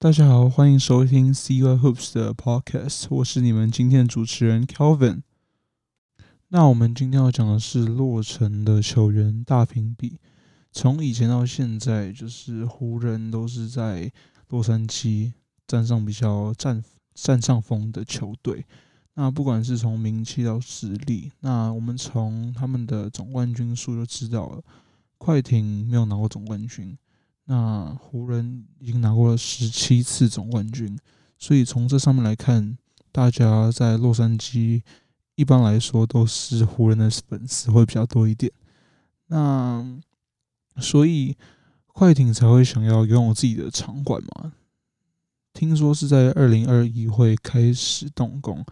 大家好，歡迎收聽 CY Hoops 的 Podcast，我是你們今天的主持人 Kelvin。那我們今天要講的是洛城的球員大評比。從以前到現在，就是湖人都是在洛杉磯佔上比較佔佔上風的球隊。那不管是從名氣到實力，那我們從他們的總冠軍數就知道了，快艇沒有拿過總冠軍。那湖人已經拿過了十七次總冠軍，所以從這上面來看，大家在洛杉磯一般來說都是湖人的粉絲會比較多一點。那所以快艇才會想要擁有自己的場館嘛。聽說是在二零二一會開始動工，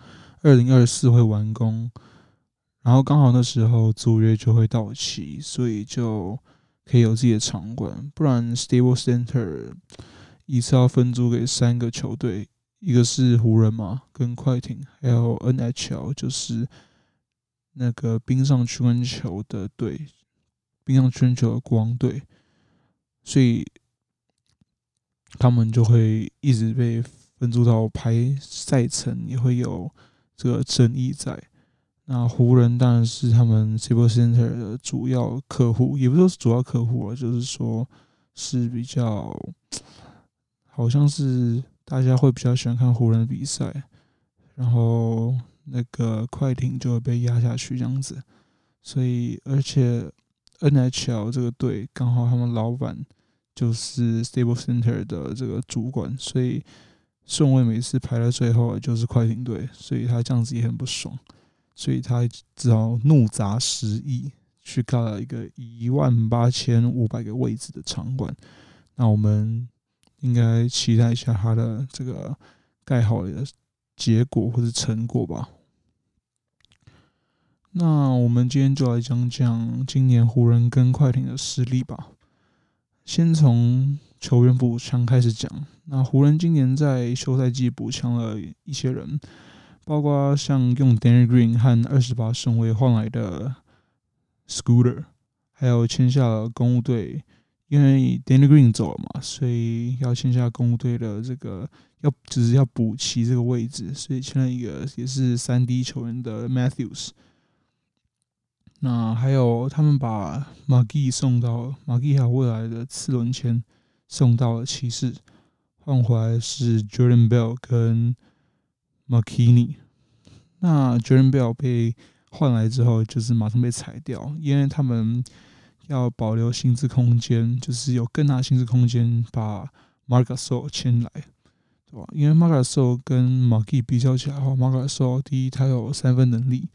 二零二四會完工，然後剛好那時候租約就會到期，所以就，可以有自己的場館，不然 Staples Center 一次要分租給三個球隊，一個是湖人嘛，跟快艇，還有 NHL 就是那個冰上曲棍球的隊，冰上曲棍球的國王隊，所以他們就會一直被分租到排賽程，也會有這個爭議在。那湖人當然是他們 Staples Center 的主要客戶，也不說是主要客戶啊，就是說是比較，好像是大家會比較喜歡看湖人的比賽，然後那個快艇就會被壓下去這樣子。所以，而且 NHL 這個隊剛好他們老闆就是 Staples Center 的這個主管，所以順位每次排在最後就是快艇隊，所以他這樣子也很不爽。所以他只好怒砸十億去蓋了一個一萬八千五百個位置的場館。那我們應該期待一下他的這個蓋好的結果或者成果吧。那我們今天就來講講今年湖人跟快艇的實力吧。先從球員補強開始講，那湖人今年在休賽季補強了一些人。包括像用 Danny Green 和二十八順位換來的 Scooter，還有簽下了公鹿隊，因為 Danny Green 走了嘛，所以要簽下公鹿隊的這個要就是要補齊這個位置，所以簽了一個也是三 D 球員的 Matthews。那還有他們把 McGee 送到 McGee 還有未來的次輪簽送到了騎士，換回來是 Jordan Bell 跟 Makini，那 Jordan Bell 被換來之後，就是馬上被裁掉，因為他們要保留薪資空間，就是有更大薪資空間把 Marc Gasol 簽來，對吧？因為 Marc Gasol 跟 McGee 比較起來的話 Marc Gasol 第一他有三分能力，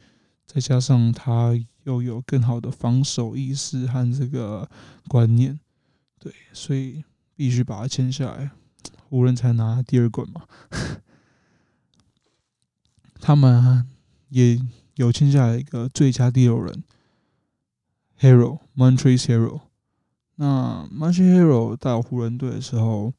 再加上他又有更好的防守意識和這個觀念，對，所以必須把他簽下來，湖人才拿第二冠嘛。 他們也有簽下來一個最佳第六人，Harrell，Montrezl Harrell。那 Montrezl Harrell 到湖人隊的時候，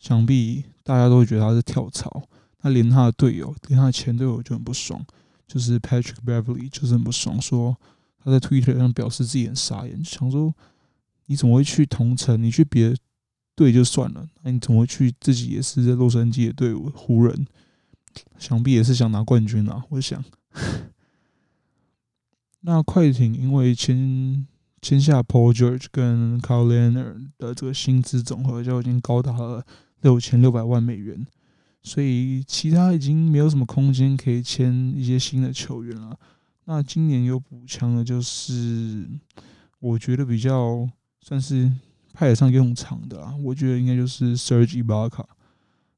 想必大家都會覺得他是跳槽。他連他的隊友，連他的前隊友就很不爽，就是 Patrick Beverly，就是很不爽，說他在 Twitter 上表示自己很傻眼，想說你怎麼會去同城？你去別隊就算了，那你怎麼會去自己也是在洛杉磯的隊伍湖人？想必也是想拿冠軍啦、啊，我想。 那快艇因為簽簽下 Paul George 跟 Kawhi Leonard 的這個薪資總和就已經高達了六千六百萬美元，所以其他已經沒有什麼空間可以簽一些新的球員了。那今年有補強的就是，我覺得比較算是派得上用場的啊，我覺得應該就是 Serge Ibaka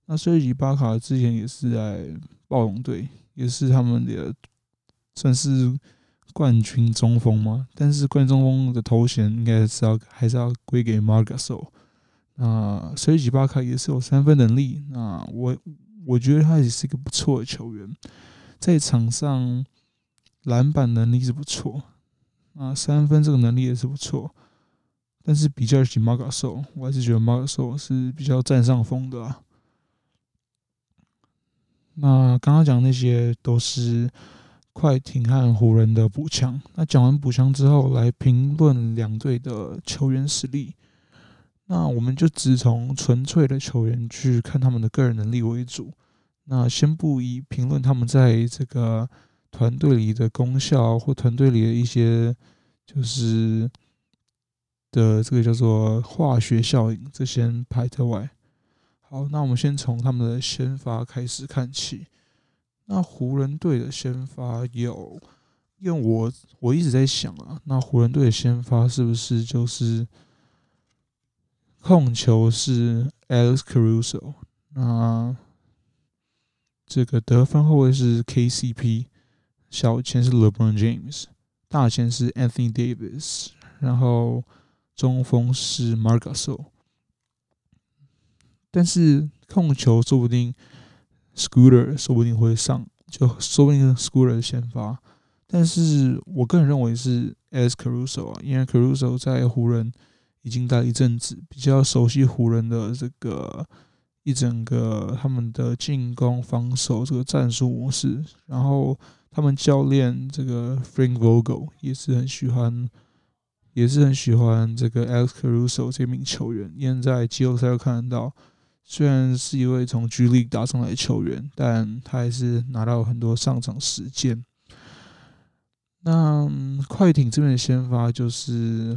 那塞吉伊巴卡之前也是在暴龍隊，也是他們的算是冠軍中鋒嘛，但是冠軍中鋒的頭銜應該是要還是要歸給馬卡索。那塞吉伊巴卡也是有三分能力，那、呃、我我覺得他也是一個不錯的球員，在場上籃板能力是不錯，啊、呃，三分這個能力也是不錯，但是比較起馬卡索，我還是覺得馬卡索是比較佔上風的啊。那剛剛講的那些都是快艇和湖人的補強。那講完補強之後，來評論兩隊的球員實力。那我們就只從純粹的球員去看他們的個人能力為主。那先不以評論他們在這個團隊裡的功效或團隊裡的一些就是的這個叫做化學效應，這些排在外。好，那我們先從他們的先發開始看起。那湖人隊的先發有，因為我我一直在想啊，那湖人隊的先發是不是就是控球是 Alex Caruso，那這個得分後衛是 KCP，小前是 LeBron James，大前是 Anthony Davis，然後中鋒是 Marc Gasol。但是控球說不定，Scooter 說不定會上，就說不定 Scooter 先發。但是我個人認為是 Alex Caruso 啊，因為 Caruso 在湖人已經待了一陣子，比較熟悉湖人的這個一整個他們的進攻、防守這個戰術模式。然後他們教練這個 Frank Vogel 也是很喜歡，也是很喜歡這個 Alex Caruso 這名球員，因為在季後賽都看得到。雖然是一位從居 u 打上來球員，但他還是拿到很多上場時間。那、嗯、快艇這邊的先發就是，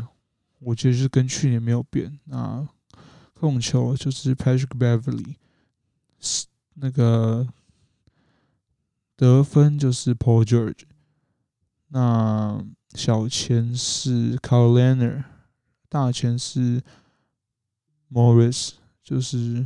我覺得就是跟去年沒有變。那控球就是 Patrick Beverly，是那個得分就是 Paul George，那小前是 c y l e n u n a 大前是 Morris，就是。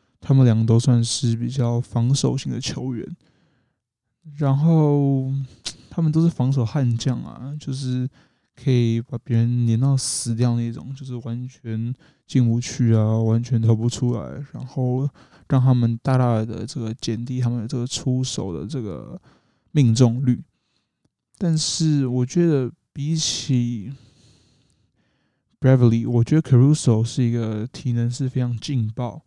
他們兩個都算是比較防守型的球員，然後他們都是防守悍將啊，就是可以把別人黏到死掉那種，就是完全進不去啊，完全投不出來，然後讓他們大大的這個減低他們的這個出手的這個命中率。但是我覺得比起 Bradley，我覺得 Caruso 是一個體能是非常勁爆。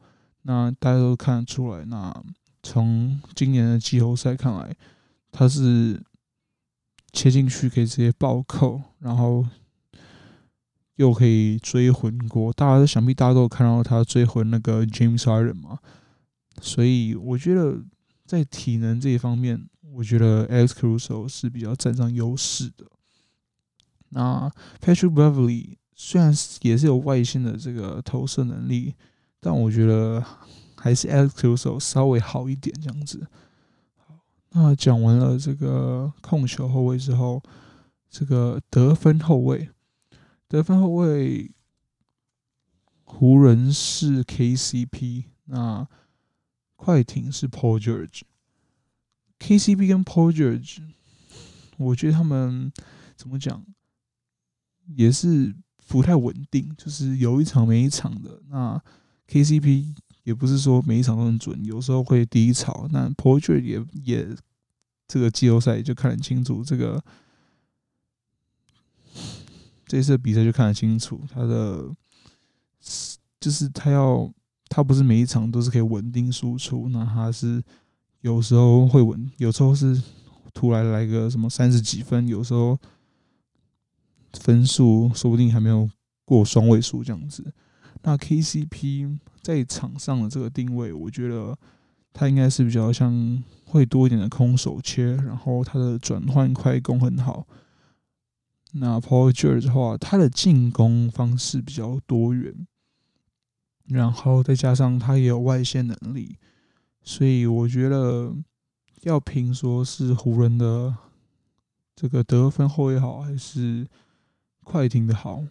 那大家都看得出來，那從今年的季後賽看來，他是切進去可以直接暴扣，然後又可以追魂鍋。大家想必大家都有看到他追魂那個 James Harden 嘛，所以我覺得在體能這一方面，我覺得 Alex Caruso 是比較占上優勢的。那 Patrick Beverly 雖然也是有外線的這個投射能力。但我覺得還是 Alex Caruso 稍微好一點，這樣子。好，那講完了這個控球後衛之後，這個得分後衛，得分後衛，湖人是 KCP，那快艇是 Paul George。KCP 跟 Paul George，我覺得他們怎麼講，也是不太穩定，就是有一場沒一場的那。KCP 也不是說每一場都很準，有時候會低潮，那 Poet r 也也這個季後賽就看得很清楚，這個這次比賽就看得清楚，他的就是他要他不是每一場都是可以穩定輸出，那他是有時候會穩，有時候是突然來個什麼三十幾分，有時候分數說不定還沒有過雙位數這樣子。那 KCP 在場上的這個定位，我覺得他應該是比較像會多一點的空手切，然後他的轉換快攻很好。那 Paul George 的話，他的進攻方式比較多元，然後再加上他也有外線能力，所以我覺得要評說是湖人的這個得分後衛好，還是快艇的好？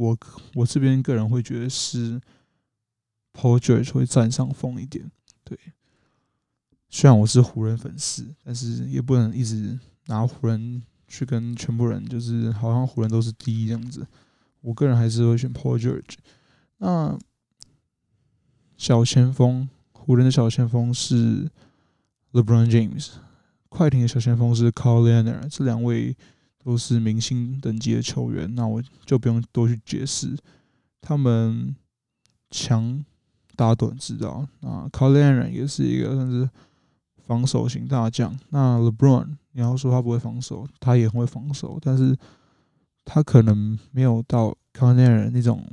我我這邊個人會覺得是 Paul George 會佔上風一點，對。雖然我是湖人粉絲，但是也不能一直拿湖人去跟全部人，就是好像湖人都是第一這樣子。我個人還是會選 Paul George。那小前鋒，湖人的小前鋒是 LeBron James，快艇的小前鋒是 Kawhi Leonard，這兩位。都是明星等級的球員，那我就不用多去解釋。他們強，大家知道。啊，Kawhi 也是一個算是防守型大將。那 LeBron，你要說他不會防守，他也會防守，但是他可能沒有到 Kawhi 那種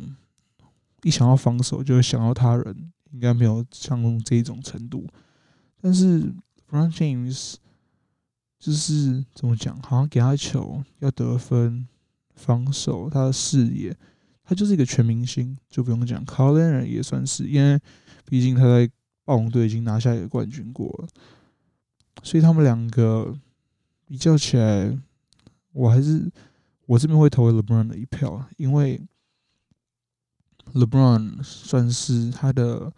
一想要防守就會想到他人，應該沒有像這種程度。但是 Rajon Rondo 就是怎麼講，好像給他球要得分、防守，他的視野，他就是一個全明星，就不用講。Kawhi Leonard 也算是，因為畢竟他在暴龍隊已經拿下一個冠軍過了，所以他們兩個比較起來，我還是我這邊會投給 LeBron 的一票，因為 LeBron 算是他的。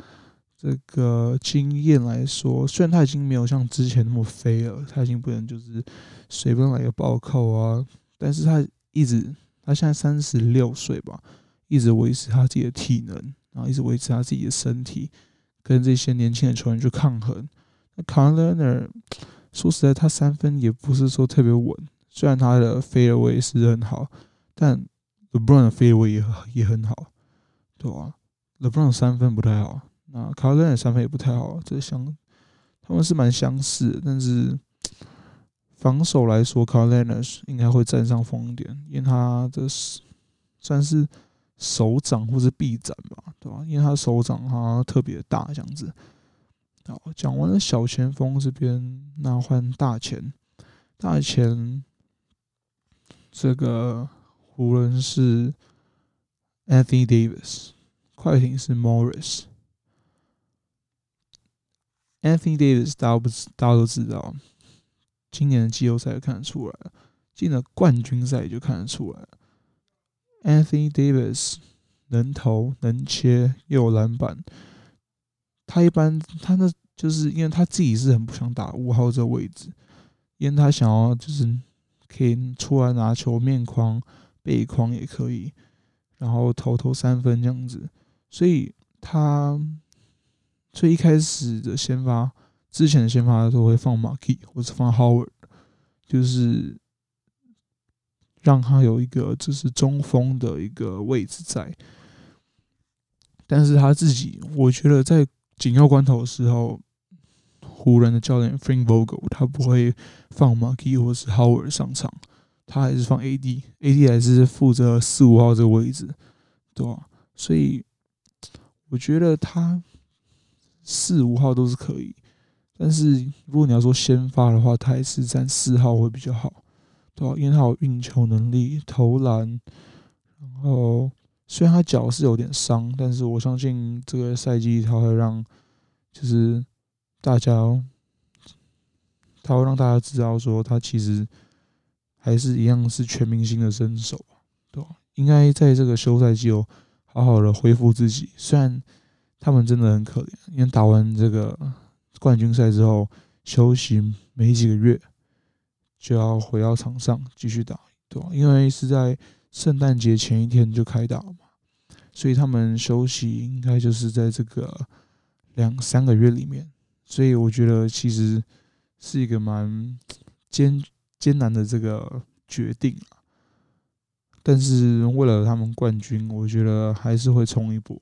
這個經驗來說，雖然他已經沒有像之前那麼飛了，他已經不能就是隨便來個暴扣啊，但是他一直，他現在三十六歲吧，一直維持他自己的體能，然後一直維持他自己的身體，跟這些年輕的球員去抗衡。那 Kawhi Leonard 說實在，他三分也不是說特別穩，雖然他的 fadeaway 是，是很好，但 LeBron 的 fadeaway 也也很好，對吧？LeBron 的三分不太好，那、啊、卡 a r 的三分也不太好，這相他們是蠻相似的，但是防守來說 c a r l s 應該會佔上風點，因為他的算是手掌或是臂展吧，對吧、啊？因為他手掌他特別大，這樣子。好，講完了小前鋒這邊，那換大前，大前這個湖人是 Anthony Davis，快艇是 Morris。Anthony Davis，大家不知，大家都知道，今年的季後賽看得出來，進了冠軍賽就看得出來。Anthony Davis 能投能切又有籃板，他一般他那就是因為他自己是很不想打五號這個位置，因為他想要就是可以出來拿球面框背框也可以，然後投投三分這樣子，所以他。所以一開始的先發，之前的先發都會放 Markieff 或者放 Howard，就是讓他有一個就是中鋒的一個位置在。但是他自己，我覺得在緊要關頭的時候，湖人的教練 Frank Vogel 他不會放 Markieff 或是 Howard 上場，他還是放 AD，AD AD 還是負責四五號這個位置，對吧、啊？所以我覺得他。四五號都是可以，但是如果你要說先發的話，他還是站四號會比較好，對吧？因為他有運球能力、投籃，然後雖然他腳是有點傷，但是我相信這個賽季他會讓，就是大家、哦，他會讓大家知道說他其實還是一樣是全明星的身手，對吧？應該在這個休賽季有好好的恢復自己，雖然。他們真的很可憐，因為打完這個冠軍賽之後休息沒幾個月，就要回到場上繼續打。對啊，因為是在聖誕節前一天就開打了嘛，所以他們休息應該就是在這個兩三個月裡面。所以我覺得其實是一個蠻艱艱難的這個決定啊。但是為了他們冠軍，我覺得還是會衝一波。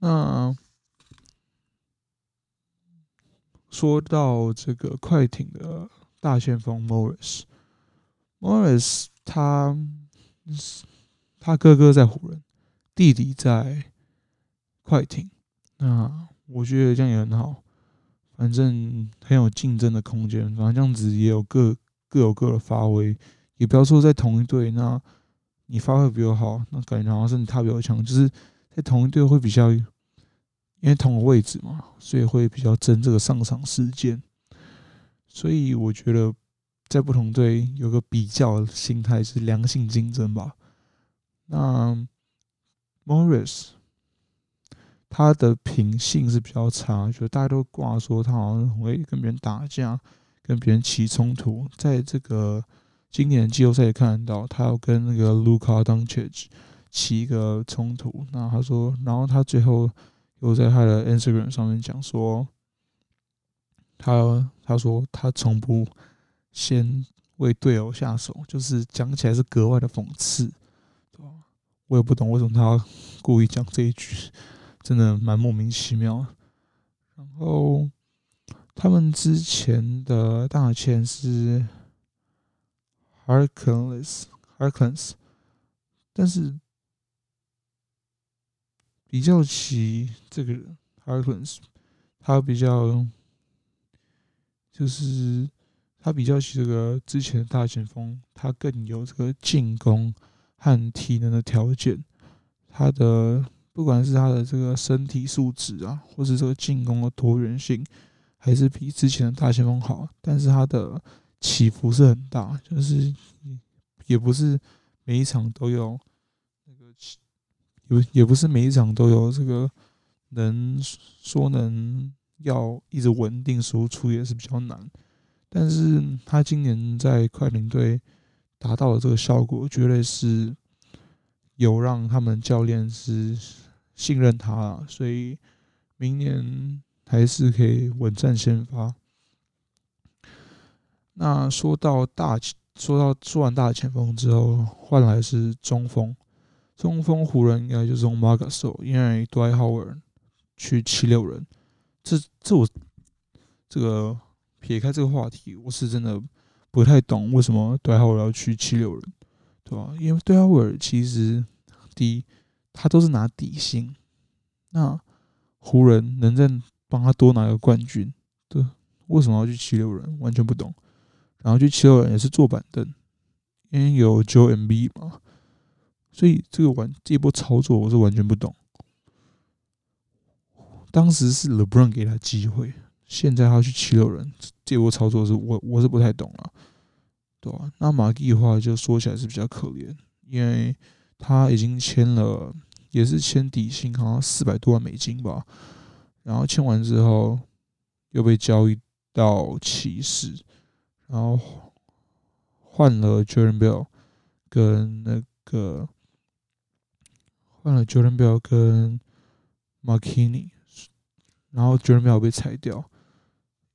那說到這個快艇的大前鋒 Morris，Morris 他他哥哥在湖人，弟弟在快艇。那我覺得這樣也很好，反正很有競爭的空間。反正這樣子也有各各有各的發揮，也不要說在同一隊，那你發揮比我好，那感覺好像是你他比我強，就是。同一隊會比較，因為同個位置嘛，所以會比較爭這個上場時間。所以我覺得在不同隊有個比較心態是良性競爭吧。那 Morris 他的品性是比較差，就大家都掛說他好像很會跟別人打架，跟別人起衝突。在這個今年季後賽也看到他要跟那個 Luka Doncic。起一個衝突，那他說，然後他最後又在他的 Instagram 上面講說，他他說他從不先為隊友下手，就是講起來是格外的諷刺，對吧？我也不懂為什麼他故意講這一句，真的蠻莫名其妙。然後他們之前的大簽是 Harkless Harkless，但是。比較起這個人，他可能他比較，就是他比較起這個之前的大前鋒，他更有這個進攻和體能的條件。他的不管是他的這個身體素質啊，或是這個進攻的多元性，還是比之前的大前鋒好。但是他的起伏是很大，就是也不是每一場都有。也也不是每一場都有這個能說能要一直穩定輸出也是比較難，但是他今年在快艇隊達到了這個效果，絕對是有讓他們教練是信任他了，所以明年還是可以穩占先發。那說到大，說到說完大前鋒之後，換來是中鋒。中鋒湖人應該就是從 Marc Gasol。因為 Dwight Howard 去七六人。這這我這個撇開這個話題，我是真的不太懂為什麼 Dwight Howard 要去七六人，對吧？因為 Dwight Howard 其實第一他都是拿底薪，那湖人能再幫他多拿個冠軍，對？為什麼要去七六人？完全不懂。然後去七六人也是坐板凳，因為有 Jo M B 嘛。所以這個完這一波操作我是完全不懂。當時是 LeBron 給他機會，現在他去76人，這波操作是我，我是不太懂了。啊，對，那 Magic 的話就說起來是比較可憐，因為他已經簽了，也是簽底薪，好像四百多萬美金吧。然後簽完之後又被交易到騎士，然後換了 Jaren Bell 跟那個。換了 Jordan Bell 跟 McKinnie 然後 Jordan Bell 被裁掉，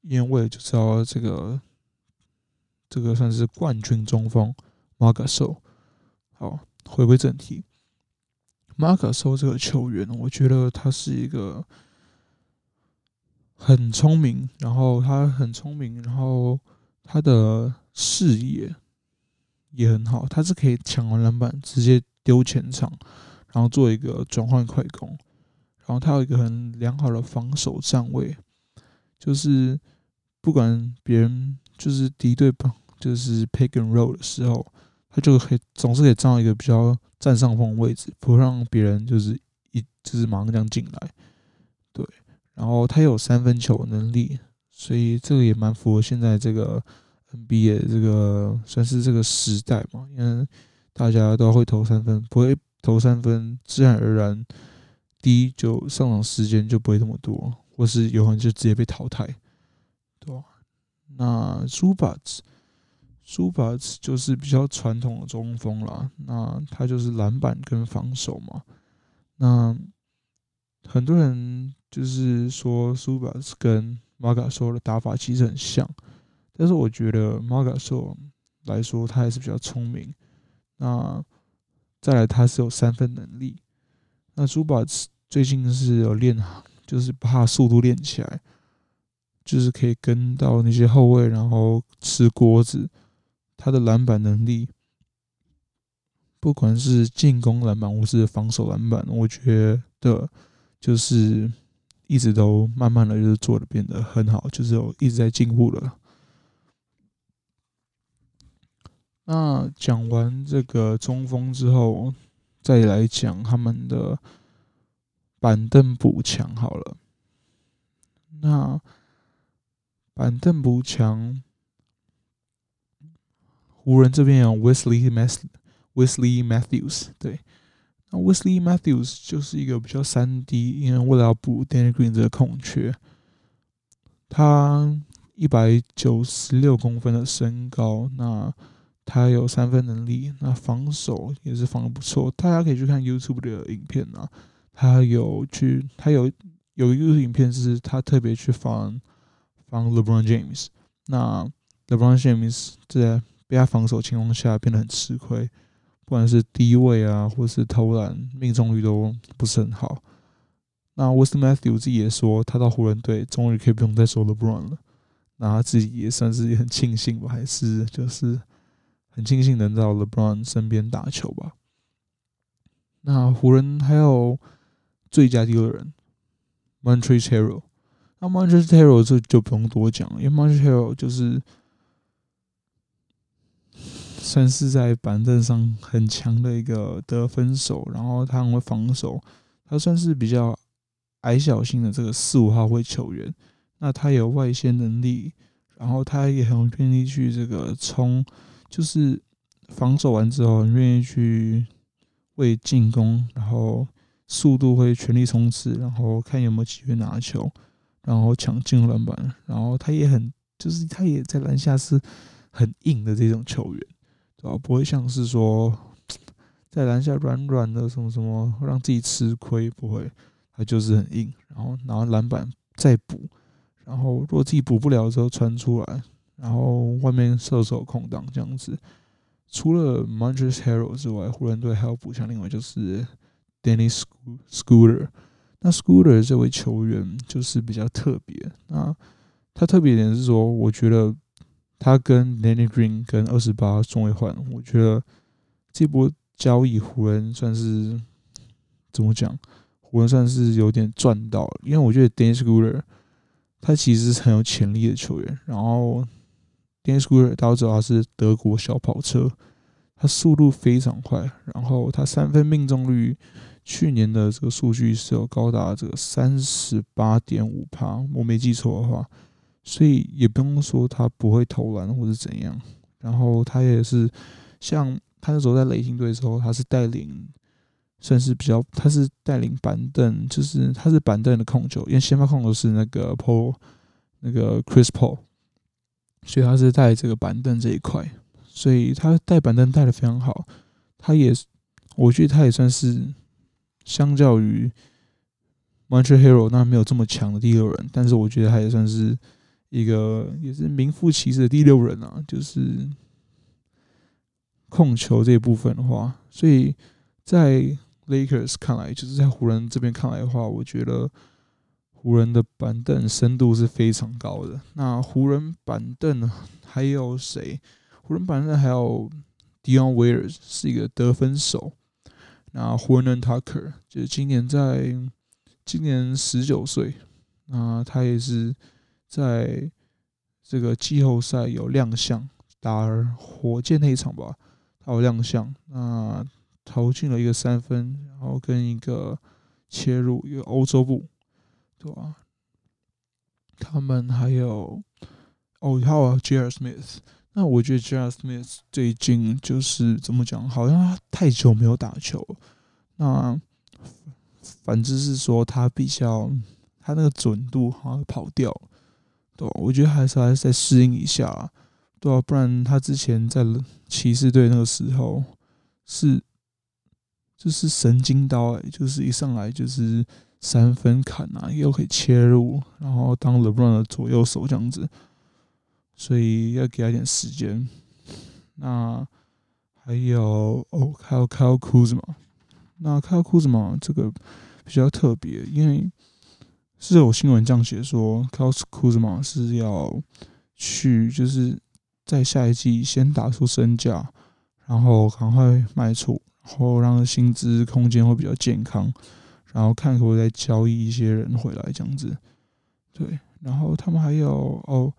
因為，為就知道這個這個算是冠軍中鋒 Marc Gasol，好，回歸正題 Marc Gasol 這個球員，我覺得他是一個很聰明，然後他很聰明，然後他的視野也很好，他是可以搶完籃板直接丟前場。然後做一個轉換快攻，然後他有一個很良好的防守站位，就是不管別人就是敵對吧，就是 pick and roll 的時候，他就可以總是可以佔到一個比較佔上風的位置，不讓別人就是一就是馬上這樣進來。對，然後他有三分球能力，所以這個也蠻符合現在這個 NBA 這個算是這個時代嘛，因為大家都會投三分，不會。投三分，自然而然，第一就上場時間就不會那麼多，或是有可能就直接被淘汰，對吧？那 Zubats，Zubats 就是比較傳統的中鋒啦，那他就是籃板跟防守嘛。那很多人就是說 Zubats 跟 Marc Gasol 的打法其實很像，但是我覺得 Marc Gasol 來說，他還是比較聰明。那再來，他是有三分能力。那朱巴最近是有練就是把速度練起來，就是可以跟到那些後衛，然後吃鍋子。他的籃板能力，不管是進攻籃板，或是防守籃板，我覺得就是一直都慢慢的，就是做得變得很好，就是有一直在進步了。那講完這個中鋒之後，再來講他們的板凳補強好了。那板凳補強，湖人這邊有 Wesley Ma Wesley Matthews，對，那 Wesley Matthews 就是一個比較三 D，因為為了要補 Danny Green 這個空缺，他一百九十六公分的身高，那。他有三分能力，那防守也是防得不錯。大家可以去看 YouTube 的影片啊，他有去，他有有一個影片就是他特別去防防 LeBron James。那 LeBron James 在被他防守的情況下變得很吃虧，不管是低位啊，或是投籃命中率都不是很好。那 Wesley Matthews 自己也說，他到湖人隊終於可以不用再守 LeBron 了，那他自己也算是也很慶幸吧，還是就是。很慶幸能到 LeBron 身邊打球吧。那湖人還有最佳第六人 Montrezl Harrell 那 Montrezl Harrell 這就不用多講，因為 Montrezl Harrell 就是算是在板凳上很強的一個得分手，然後他很會防守，他算是比較矮小型的這個四五號位球員。那他有外線能力，然後他也很有願意去這個衝。就是防守完之後，很願意去為進攻，然後速度會全力衝刺，然後看有沒有機會拿球，然後搶進籃板，然後他也很，就是他也在籃下是很硬的這種球員，啊，不會像是說在籃下軟軟的什麼什麼，讓自己吃虧，不會，他就是很硬，然後拿籃板再補，然後如果自己補不了的時候傳出來。然後外面射手空檔這樣子，除了 Montrezl Harrell 之外，湖人隊還有補強，另外就是 Dennis Schröder。那 Schröder 這位球員就是比較特別啊，那他特別一點是說，我覺得他跟 Danny Green 跟二十八中位換，我覺得這波交易湖人算是怎麼講？湖人算是有點賺到，因為我覺得 Dennis Schröder 他其實是很有潛力的球員，然後。Dennis Schröder 大家都知道他是德國小跑車，他速度非常快，然後他三分命中率去年的這個數據是有高達這個三十八點五帕，我沒記錯的話，所以也不用說他不會投籃或者怎樣。然後他也是像他那時候在雷霆隊的時候，他是帶領，算是比較，他是帶領板凳，就是他是板凳的控球，因為先發控球是那個 Paul，那個 Chris Paul。所以他是帶這個板凳這一塊，所以他帶板凳帶的非常好。他也，我覺得他也算是相較於 Montrezl Harrell 那沒有這麼強的第六人，但是我覺得他也算是一個也是名副其實的第六人啊。就是控球這一部分的話，所以在 Lakers 看來，就是在湖人這邊看來的話，我覺得。湖人的板凳深度是非常高的。那湖人板凳呢？還有誰？湖人板凳還有迪昂威爾，Wears, 是一個得分手。那湖人的塔克，就是今年在今年十九歲。那他也是在這個季後賽有亮相，打火箭那一場吧，他有亮相。那投進了一個三分，然後跟一個切入一個歐洲步。對啊，他們還有哦，還有 JR Smith。那我覺得 JR Smith 最近就是怎麼講，好像他太久沒有打球。那反正是說他比較他那個準度好像跑掉。對啊，我覺得還是還是再適應一下。對啊，不然他之前在騎士隊那個時候是就是神經刀欸，就是一上來就是。三分砍啊，又可以切入，然後當 LeBron 的左右手這樣子，所以要給他點時間。那還有哦，還有 Kyle Kuzma，那 Kyle Kuzma 這個比較特別，因為是有新聞這樣寫說 Kyle Kuzma 是要去，就是在下一季先打出身價，然後趕快賣出，然後讓薪資空間會比較健康。然後看可不可以再交易一些人回來這樣子，對。然後他們還有哦，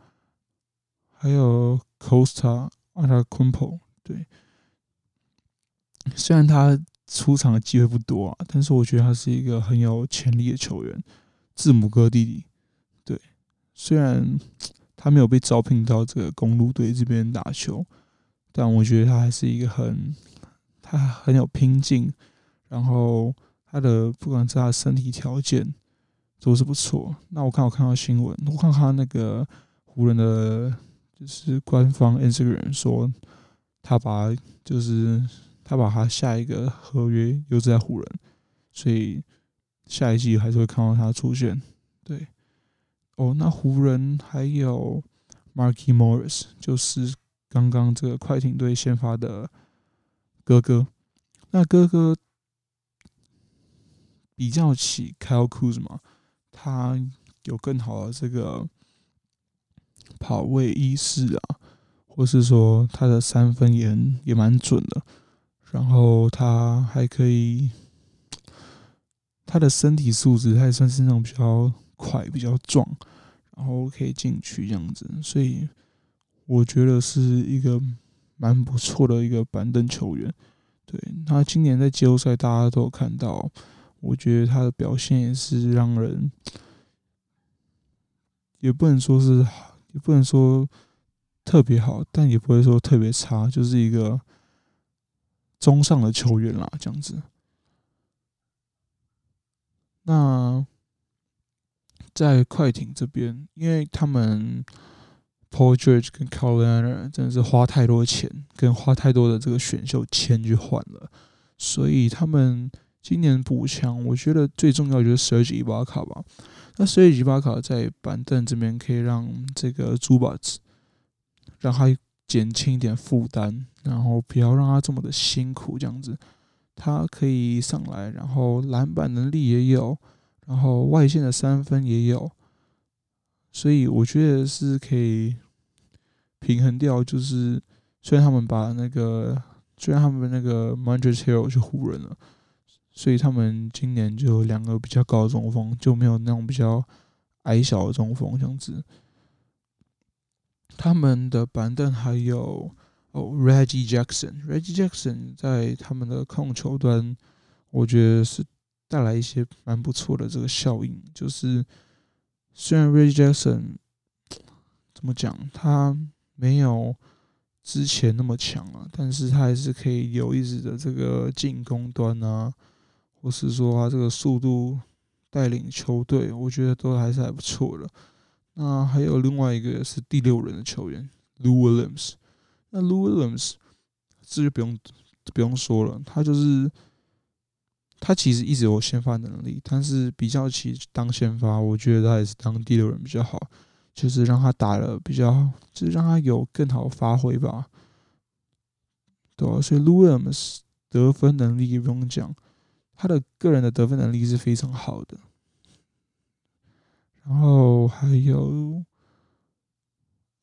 還有 Costa 阿塔坤普，對。雖然他出場的機會不多啊，但是我覺得他是一個很有潛力的球員，字母哥弟弟。對，雖然他沒有被招聘到這個公鹿隊這邊打球，但我覺得他還是一個很他很有拼勁，然後。他的不管是他的身體條件都是不錯。那我看我看到新聞，我看他那個湖人的就是官方 Instagram 說，他把就是他把他下一個合約留在湖人，所以下一季還是會看到他出現。對，哦，那湖人還有 Markieff Morris，就是剛剛這個快艇隊先發的哥哥。那哥哥。比較起凱爾 l c 嘛，他有更好的這個跑位意識啊，或是說他的三分也也蠻準的，然後他還可以，他的身體素質還算是那種比較快、比較壯，然後可以進去這樣子，所以我覺得是一個蠻不錯的一個板凳球員。對，他今年在季後賽大家都有看到。我覺得他的表現也是讓人，也不能說是，也不能說特別好，但也不會說特別差，就是一個中上的球員啦，這樣子。那在快艇這邊，因為他們，Paul George 跟 Kawhi Leonard 真的是花太多錢跟花太多的這個選秀籤去換了，所以他們。今年補強，我覺得最重要就是 Serge Ibaka 吧。那 Serge Ibaka 在板凳這邊可以讓這個 Zubac 讓他減輕一點負擔，然後不要讓他這麼的辛苦這樣子。他可以上來，然後籃板能力也有，然後外線的三分也有，所以我覺得是可以平衡掉。就是雖然他們把那個雖然他們那個 Montrezl Harrell 去湖人了。所以他們今年就有兩個比較高的中鋒，就沒有那種比較矮小的中鋒，像是他們的板凳還有哦、oh，Reggie Jackson。Reggie Jackson 在他們的控球端，我覺得是帶來一些蠻不錯的這個效應。就是雖然 Reggie Jackson 怎麼講，他沒有之前那麼強了，啊，但是他還是可以有意識的這個進攻端啊。我是說，他這個速度帶領球隊，我覺得都還是還不錯的。那還有另外一個是第六人的球員，Lou Williams。那 Lou Williams 這就不用不用說了，他就是他其實一直有先發能力，但是比較起當先發，我覺得他還是當第六人比較好，就是讓他打了比較，就是讓他有更好發揮吧。對啊，所以 Lou Williams 得分能力不用講。他的個人的得分能力是非常好的，然後還有，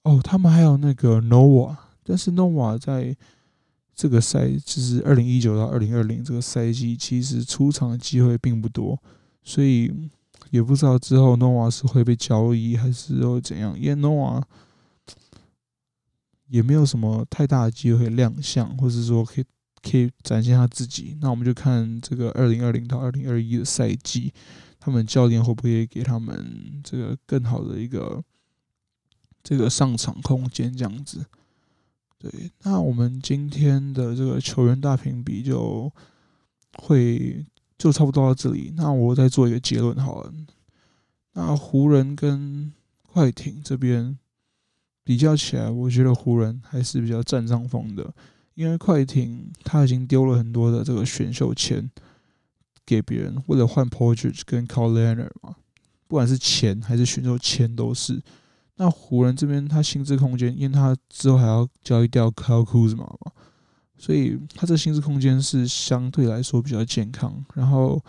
哦，他們還有那個 nova，但是 nova 在這個賽，就是二零一九到二零二零這個賽季，其實出場的機會並不多，所以也不知道之後 nova 是會被交易還是會怎樣。因為 nova 也沒有什麼太大的機會亮相，或者是說可以。可以展現他自己。那我們就看這個二零二零到二零二一的賽季，他們教練會不會給他們這個更好的一個這個上場空間？這樣子。對，那我們今天的這個球員大評比就會就差不多到這裡。那我再做一個結論好了。那湖人跟快艇這邊比較起來，我覺得湖人還是比較佔上風的。因為快艇他已經丟了很多的這個選秀簽給別人，或者換 Paul George 跟 Kawhi Leonard 嘛，不管是錢還是選秀簽都是。那湖人這邊他薪資空間，因為他之後還要交易掉 Kuzma 嘛嘛，所以他這薪資空間是相對來說比較健康。然後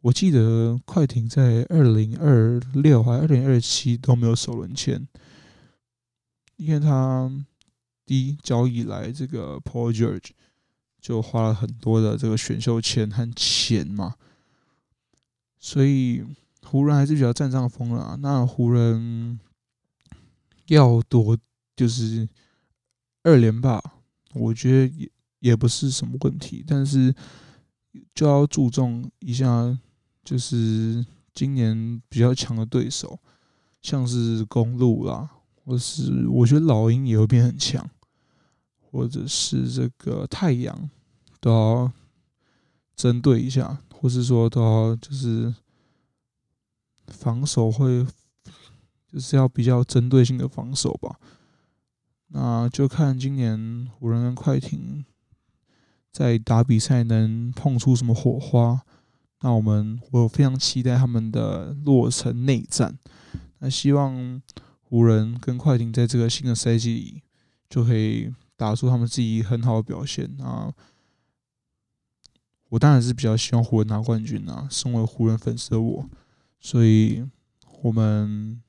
我記得快艇在二零二六還二零二七都沒有首輪簽，因為他。第一交易來這個 Paul George 就花了很多的這個選秀簽和錢嘛，所以湖人還是比較佔上風啦，啊，那湖人要奪就是二連霸，我覺得也也不是什麼問題，但是就要注重一下，就是今年比較強的對手，像是公路啦，或是我覺得老鷹也會變很強。或者是這個太陽都要針對一下，或是說都要就是防守會就是要比較針對性的防守吧。那就看今年湖人跟快艇在打比賽能碰出什麼火花。那我們我非常期待他們的洛城內戰。那希望湖人跟快艇在這個新的賽季裡就可以。打出他們自己很好的表現啊！我當然是比較希望湖人拿冠軍啊，身為湖人粉絲的我。所以我們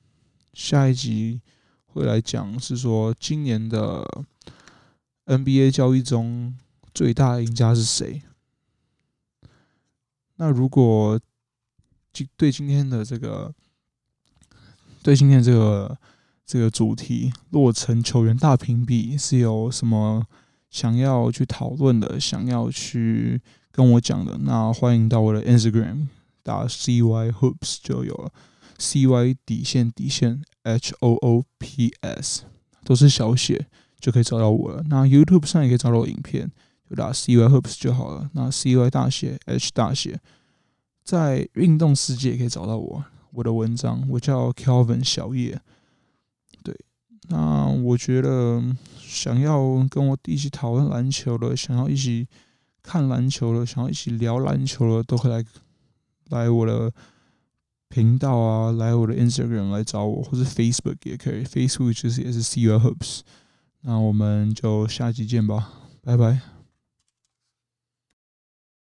下一集會來講，是說今年的 NBA 交易中最大贏家是誰？那如果今對今天的這個，對今天的這個。這個主題洛城球員大評比，是有什麼想要去討論的，想要去跟我講的，那歡迎到我的 Instagram 打 C Y Hoops 就有了，C Y 底線底線 H O O P S 都是小寫就可以找到我了。那 YouTube 上也可以找到我的影片，就打 C Y Hoops 就好了。那 C Y 大寫 H 大寫，在運動世界也可以找到我。我的文章，我叫 Kelvin 小葉。那我覺得，想要跟我一起討論籃球的，想要一起看籃球的，想要一起聊籃球的，都可以來來我的頻道啊，來我的 Instagram 來找我，或是 Facebook 也可以，Facebook 就是也是 CueHopes。那我們就下集見吧，拜拜。